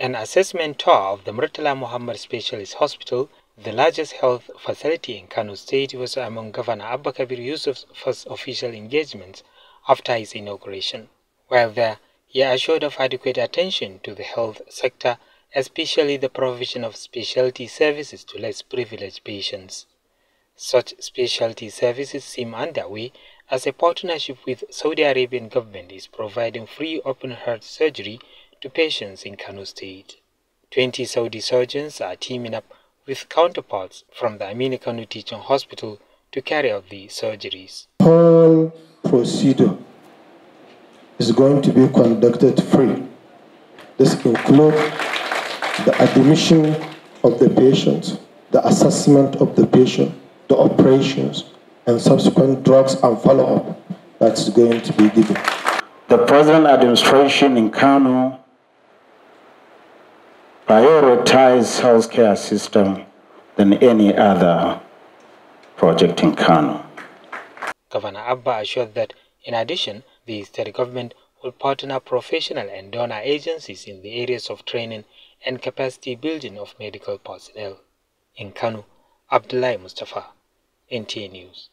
An assessment tour of the Murtala Muhammad Specialist Hospital, the largest health facility in Kano State, was among Governor Abba Yusuf's first official engagements after his inauguration. While there, he assured of adequate attention to the health sector, especially the provision of specialty services to less privileged patients. Such specialty services seem underway as a partnership with Saudi Arabian government is providing free open heart surgery to patients in Kano State. 20 Saudi surgeons are teaming up with counterparts from the Amina Kano Teaching Hospital to carry out the surgeries. All procedure is going to be conducted free. This includes the admission of the patient, the assessment of the patient, the operations, and subsequent drugs and follow-up that's going to be given. The present administration in Kano prioritize healthcare system than any other project in Kano. Governor Abba assured that in addition, the state government will partner professional and donor agencies in the areas of training and capacity building of medical personnel. In Kano, Abdullahi Mustafa, NTA News.